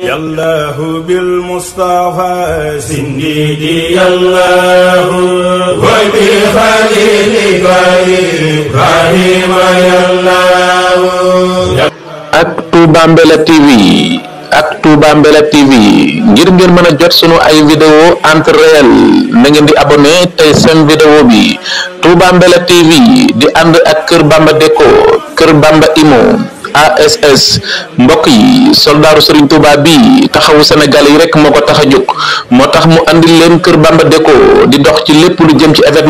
yallahu bil mustafa sindidi yallahu wa bi khalili ibrahima yallahu ak Touba Mbella TV ak Touba TV ngir ngeen mëna jot video ay vidéo en réel na ngeen di abonné tay seen vidéo bi Touba TV di and ak Kër Bamba Déco Kër Bamba Imo ASS mbokk yi soldaru Serigne Touba bi taxawu Sénégal yi rek moko taxajuk motax mu andil leen Kër Bamba Déco di dox ci lepp lu jëm ci CL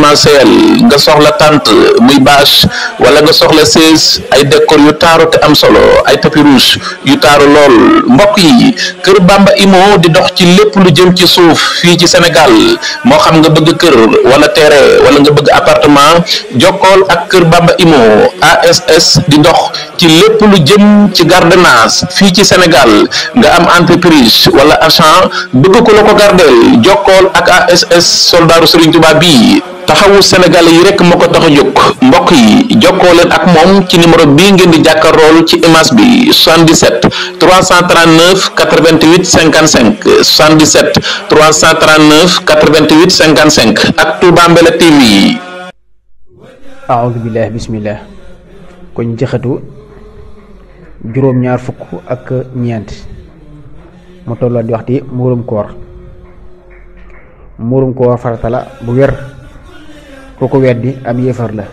nga soxla tante muy bâche wala nga soxla 16 ay décor yu taru te am solo ay tapis rouge yu taru lol mbokk mbokk yi kër Bamba Imo di dox ci lépp lu jëm ci suuf fii ci Sénégal moo xam nga bëgg kër wala terre wala nga bëgg appartement jokkool ak kër Bamba Imo ASS di dox ci lépp lu jëm ci gardenage fii ci Sénégal nga am entreprise wala agent bëgg ko la ko gardeel jokkool ak ASS soldaaru Serigne bii taxawu senegal yi rek moko tax a jóg mbokk yi jokkoo leen ak mom ci numéro bi ngeen di jakarol ci image bi 77 339 88 55 77 339 88 55 ak touba mbele tv أعوذ بالله بسم الله ñaar fukk ak ñent mu tollo di wax di murum koor murum koor farata bu wér ku ko weddi am yéefar la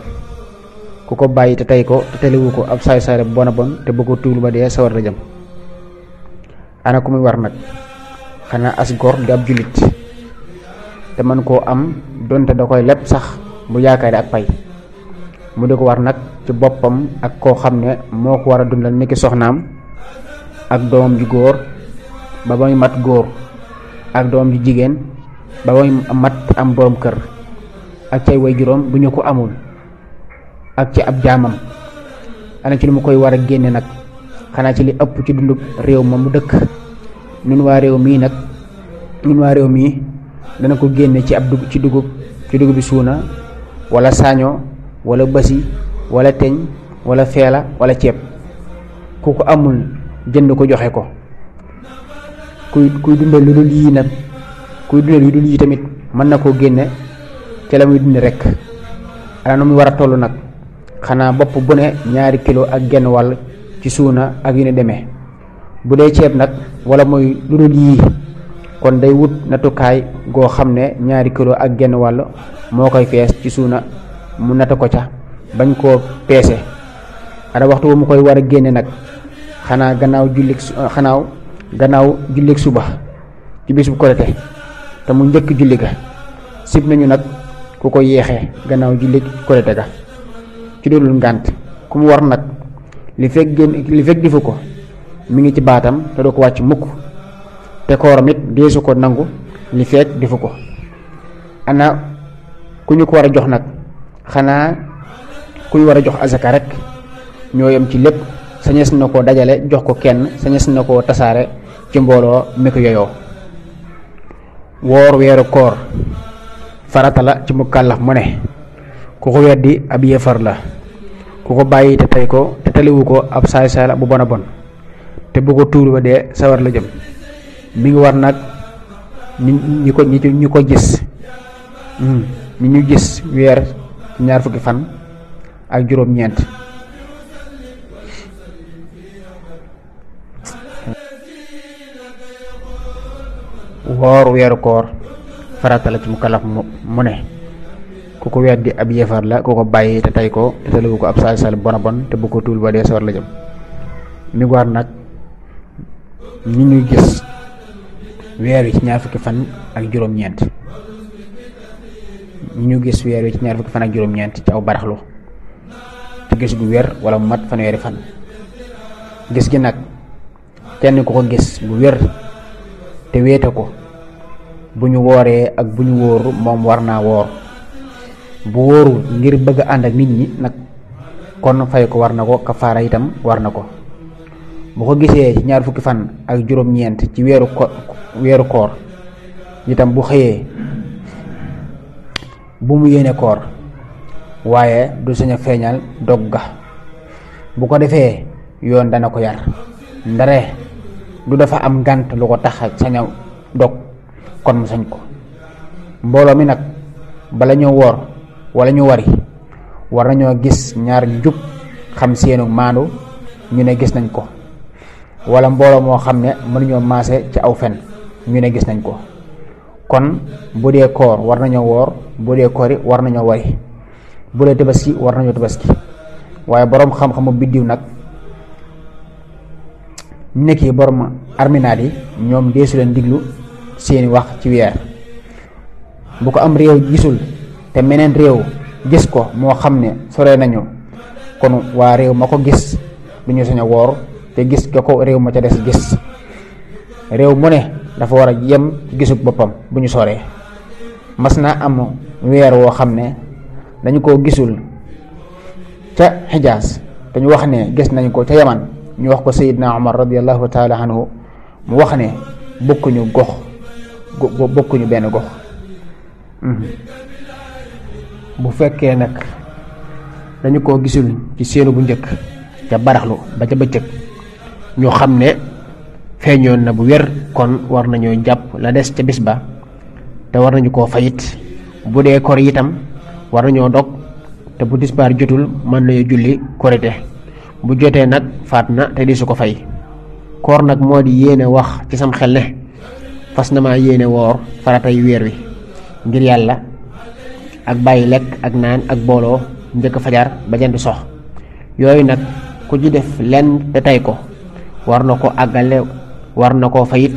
ku ko bàyyi te tey ko te teliwu ko ab saay saay bon a bon te bëgg ko tuublu ba dee sawar la jëm ana ku muy war nag xanaa as gor di ab jullit te mën koo am donte da koy leb sax bu yaakaari ak pay mu di ko war nag ci boppam ak koo xam ne moo ko war a dundal niki soxnaam ak doomam ju góor ba ba muy mat góor ak doomam ju jigéen ba ba muy mat am borom kër ak cay way juróom bu ñu ko amul ak ci ab jaamam ana ci lu mu koy war a génne nag xanaa ci li ëpp ci dundub réew ma mu dëkk ñun waa réew mii nag ñun waa réew mii dana ko génne ci ab dugg ci dugub ci dugub bi suuna walla saaño walla basi walla teñ wala feela walla ceeb ku ko amul jënd ko joxe ko kuy kuy dundal lu dul yii nag kuy dundal lu dul yii tamit mën na koo génne ca la muy dund rek ana mu war a toll nag xanaa bopp bu ne ñaari kilo ak genn wàll ci suuna ak yu ne demee bu dee ceeb nag walla mooy lu dul yii kon day wut nattukaay goo xam ne ñaari kilo ak genn wàll moo koy fees ci suuna mu nata ko ca bañ koo peese ana waxtu wu mu koy war a génne nag xanaa gannaaw jullik ah, xanaaw gannaaw jullik suba ci bis bu te mu njëkk julli ga sib nañu nag ku ko yeexee gannaaw jullit korite ga ci dulul ngànt ku mu war nag li fekk génn li fekk difu ko mu ngi ci baatam te doo ko wàcc mukk te kooram it deesu ko nangu li fekk difu ko ana ku ñu ko war a jox nag xanaa ku ñu war a jox azaka rek ñoo yem ci lépp sañees na koo dajale jox ko kenn sañees na koo tasaare ci mbooloo mi ko yoyoo woor weeru koor farata la ci mukallaf mu ne ku ko weddi ab yefar la ku ko bàyyi te tey ko te taliwu ko ab saay saay la bu bon a bon te bu ko tuul ba dee sawar la jëm mi ngi war nag ñi ko ñi ko gis ñi hmm, ñu gis weer ñaar fukki fan ak juróom ñeent woor weeru koor farata la ci mukallaf mu ne ku ko weddi ab yefar la ku ko bàyyi te tay ko lu ko ab sal sal bona bon te bu ko tul ba dee sawar la jëm mi war nak ni ñuy gis weer wi ci ñaar fukki fan ak juroom ñent ñu gis weer ci ñaar fukki fan ak juroom ñent ci aw baraxlu te gis gu wér wala mat mat fanweeri fan gis gi nak kenn ku ko gis bu wér te wéete ko buñu woré ak buñu wor mom warna wor bu woru ngir bëgg and ak nit ñi nak kon fay ko war na ko kafaara itam war ko bu ko gisé ci ñaar fukki fan ak juroom ñent ci wéru ko weeru koor itam bu xeyé bu mu yéné koor waaye du sañ feñal dogga bu ko défé yoon dana ko yar ndare du dafa am gant lu ko tax ak dog kon sañ ko mbolo mi nak bala ñu wor wala ñu wari war nañu gis ñaar juk xam seenu manu ñu ne gis nañ ko wala mbolo mo xamne mënu ñu maase ci aw fen ñu ne gis nañ ko kon bu dee koor war nañu wor bu dee koori war nañu wari bu dee tabaski war nañu tabaski waye borom xam-xamu biddiw nak nekk borom ñom len diglu seeni wax ci weer bu ko am réew gisul te meneen réew gis ko moo xam ne sore nañu kon waa réew ma ko gis duñu ñu a woor te gis ga ko réew ma ca des gis réew mu ne dafa war a yem gisug boppam bu ñu soree mas naa am weer woo xam ne dañu ko gisul ca xijaas dañu wax ne gis nañu ko ca yaman ñu wax ko sayidna omar radiallahu taala anhu mu wax ne bokkuñu gox go bokkuñu benn gox mhm. bu fekkee nag dañu ko gisul ci séenu bu njëkk ca baraxlu ba ca bëccëg ñu xam ne feeñoon na bu wér kon war nañoo jàpp la des ca bis ba te war nañu koo fayit bu dee kor itam war nañoo dog te bu tisbaar jotul mën nañu julli korite bu jotee nag faat na te di su ko fay koor nag moo di yéene wax ci sam xel ne fas na maa yéene woor faratay weer wi ngir yàlla ak bàyyi lekk ak naan ak booloo njëkk fajar ba jant sox yooyu nag ku ci def lenn te tey ko war na ko àggale war na koo fayit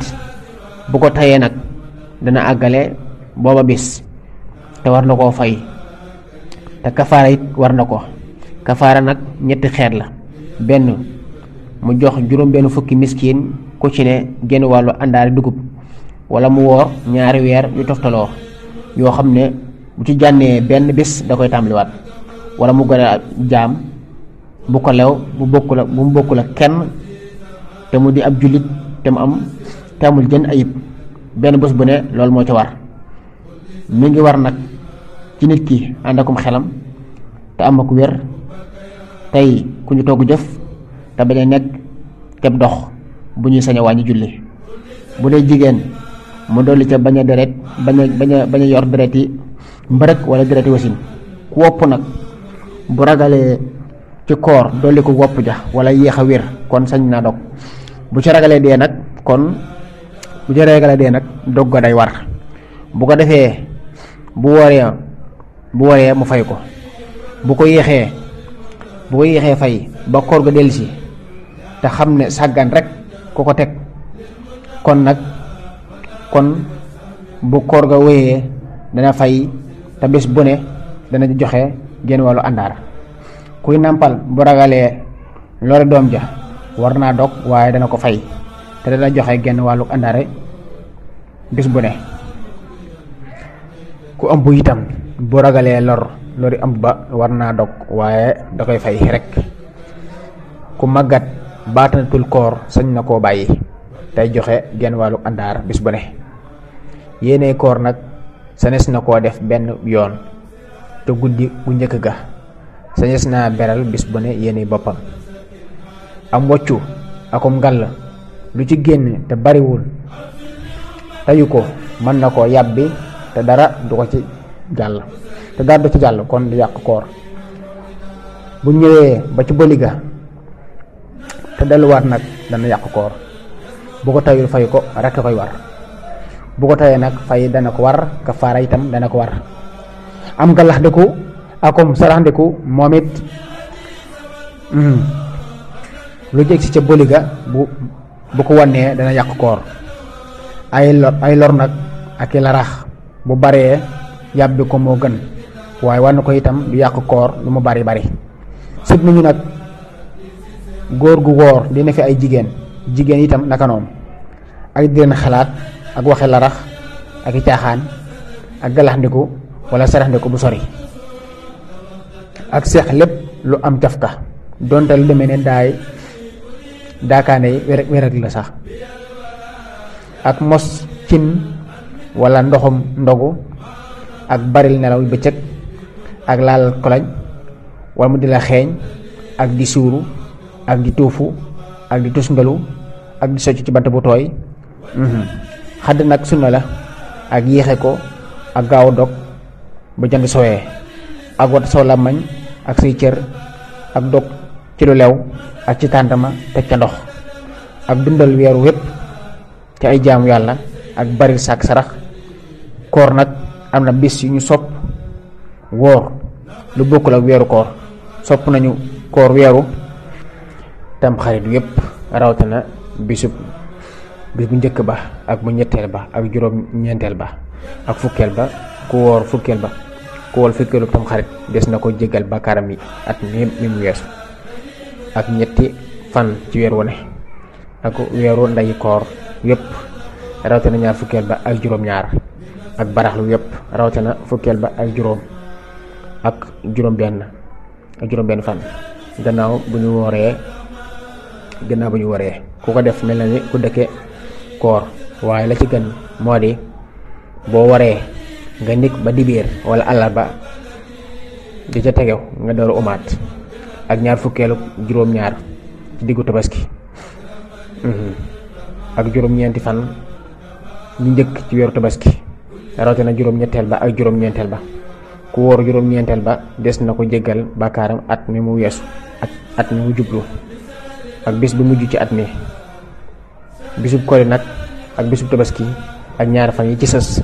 bu ko tayee nag dana àggale booba bis te war na koo fay te kafaara it war na ko kafaara nag ñetti xeet la benn mu jox juróom benn fukki miskin ku ci ne genn wàllu àndaari dugub wala mu wor ñaari weer yu toftalo yoo xam ne bu ci jànnee benn bis da koy wat wala mu gone jam bu ko lew bu bokku la bu bokku la kenn te mu di ab julit te am tamul ayib benn bus bu ne lol mo ci war mi ngi war nak ci nit ki andakum xelam te am ak wér tey ku ñu togu jëf ta nek kep dox bu ñuy julli bu jigen mu doli ca baña deret baña baña baña yor dereti yi wala dereti yi wasin ku wopp nag bu ragale ci koor doli ko wop ja wala yeexa kon sañ na dog bu ci ragale de nak kon bu ca ragale de nak dog ga day war bu ko defee bu woré bu woré mu fay ko bu ko yeexé bu yeexé fay ba koor ga delsi te xamne rek ku ko kon nak kon bu koor ga wéyee dana fay te bés bu dana joxe genn wàllu Kui kuy nampal bu ragalee warna doom ja war naa dog waaye dana ko fay te dana joxe genn wàllu àndaare bés bu ne ku bu itam bu ragalee lor lori am ba war naa dog waaye da koy fay rek ku magat baatanatul koor sañ na koo bàyyi joxe genn wàllu àndaar bis bu ne yene koor nag sanes na koo def benn yoon te guddi bu njëkk ga sanes naa beral bis bu ne yene boppam am waccu akum ngàll lu ci génn te bariwul tayu ko mën na koo te dara du ko ci jàll te dara du ci jàll kon du yàq koor bu ñëwee ba ci bëli ga te delluwaat nag dana yàq koor bu ko tayul fay ko rek koy war bu ko tayé nak fay dana ko war kafara itam dana ko war am de ko akum ko momit hmm lu jeg si boliga bu bu ko wone dana yak koor ay lor ay lor nak ak ya rax bu baree yàbbi ko mo gën way wan ko itam du yak koor lu mu bari bari sib ni nak gor gu woor dina fi ay jigen jigen itam naka noonu ak di ak waxe larax ak i caaxaan ak galaxndiku wala saraxndiku bu sori ak seex lépp lu am cafka donte lu demee ne daay daakaane yi wérat la sax ak mos cin wala ndoxum ndogu ak baril nelaw bëccëg ak laal koloñ wala mu di la xeeñ ak di suuru ak di tuufu ak di tusngalu ak di socc ci bant bu tooy mhm. xadd nag sunna la ak yéexe ko ak gaaw a dog ba jant sowee ak wat saw làmmañ ak say cër ak dog ci lu lew ak ci tàntama teg ca ndox ak dundal weeru wépp ci ay jaamu yàlla ak bari sàkk sarax koor nag am na bis yu ñu sopp woor lu bokkul ak weeru koor sopp nañu koor weeru tam xarit yépp rawatina bisub bi bu njëkk ba ak bu ñetteel ba ak juroom ñeenteel ba ak fukkel ba ku wor fukkel ba ku wol fukkelu tam xarit des na ko jéggal bakaram yi at mi mi mu weesu ak ñetti fan ci wër woné ne ak wëru nday koor yépp na ñaar fukkel ba ak juroom ñaar ak baraxlu yépp na fukkel ba ak juroom ak juroom benn ak juroom benn fan gannaaw bu ñu woré gannaaw bu ñu woré ku ko def melni ku dëkke koor waaye la ci gën moo di boo waree nga nik ba dibeer wala àllarba di ca tegew nga dooru umaat ak ñaar fukkeelu juróom-ñaar ci diggu tabaski mm-hmm. ak juróom-ñeenti fan ñu njëkk ci weeru tabaski na juróom-ñetteel ba ak juróom-ñeenteel ba ku wóor juróom-ñeenteel ba des na ko jéggal bàkkaaram at mi mu weesu ak at mi mu jublu ak bis bi mujj ci at mi bisub kore nak ak bisub tabaski ak ñaar fan yi ci sas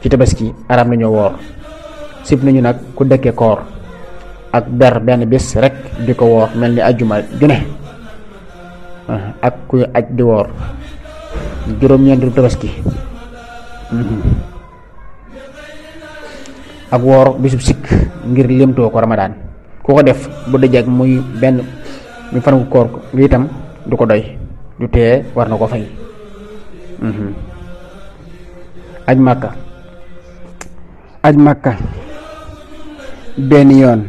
ci tabaski aram nañu wor sip nañu nak ku dekké koor ak ber ben bis rek di wor melni aljuma ni ak ku aj di woor juróom-ñeenti tabaski ak wor bisub sik ngir limto ko ramadan ku ko def bu dëjeeg muy ben mi fan wu koor ngi tam doy du warna war na ko fay mhm. aj màkka aj màkka benn yoon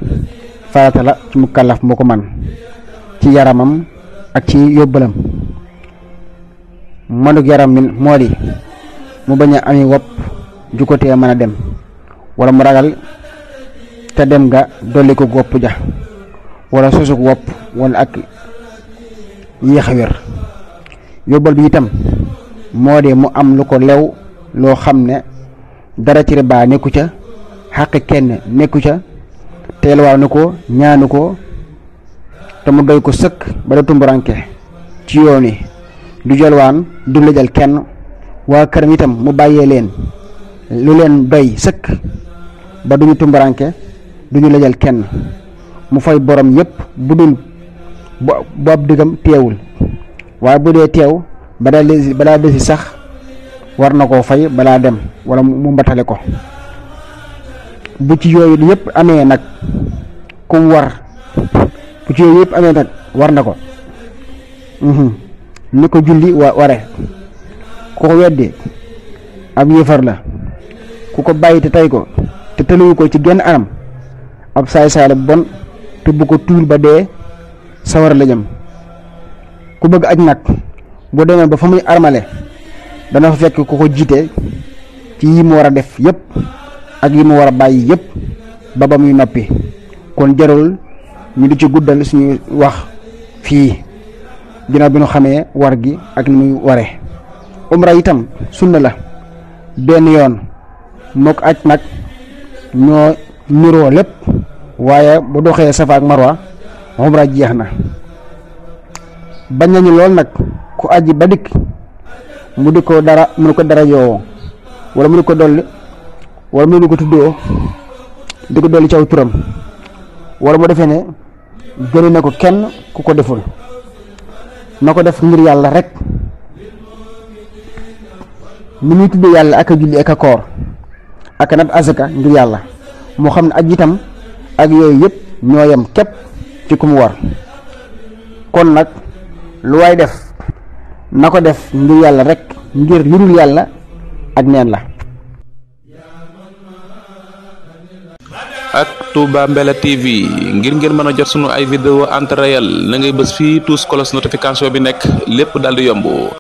farata la ci mukallaf moko man ci yaramam ak ci yóbbalam manu yaram min modi mu baña ami wop ju ko dem wala mu ragal te dem nga doli ko gop ja wala sosug wop wala ak yéex yóbbal bi itam moo de mu am lu ko lew loo xam ne dara ci riba nekku ca xàq kenn nekku ca teelwaaw ko ñaanu ko te mu doy ko sëkk ba da tumburanke ci yoon yi du jalwaan du lëjal kenn waa këram itam mu bàyyee leen lu leen doy sëkk ba duñu tumburanke duñu lajal kenn mu fay borom yépp bu dul bo ab diggam teewul waaye bu dee teew balaa lesi balaa sax war na koo fay balaa dem wala mu mbatale ko bu ci yooyu yëpp amee nag kum war bu ci yooyu yëpp amee nag war na ko mhm. ni ko julli wa ware ku ko weddi ab yëfar la ku ko bàyyi te tey ko te tëluwu ko ci genn anam ab saay saay la bon te bu ko tuul ba dee sawar la jëm ku bëgg aj nag bu demee ba fa muy armale dana fa fekk ku ko jiite ci yi mu war a def yépp ak yi mu war a bàyyi yépp ba ba muy noppi kon jarul ñu di ci guddal suñu wax fii ginnaaw bi ñu xamee war gi ak ni muy waree umra itam sunna la benn yoon mook aj nag ñoo niroo lépp waaye bu doxee safa ak marwa umra jeex bañ nañu lool nak ku aji ba dikk mu diko dara mu ko dara yo wala mu ko dolli wala mu ko tuddo diko ci aw turam wala mu defene gëne kenn ku ko deful nako def ngir yalla rek ni muy tuddee yàlla ak a julli ak a koor ak nat azaka ngir yàlla moo xam ne ak yooyu yëpp ñoo ci ku war kon nag lu waay def na ko def ngir yàlla rek ngir lu dul yàlla ak neen la ak Touba Mbella TV ngir ngeen mën a jot sunu ay video en temps réel na ngay bës fii tous cloche notification bi nekk lépp daal di yomb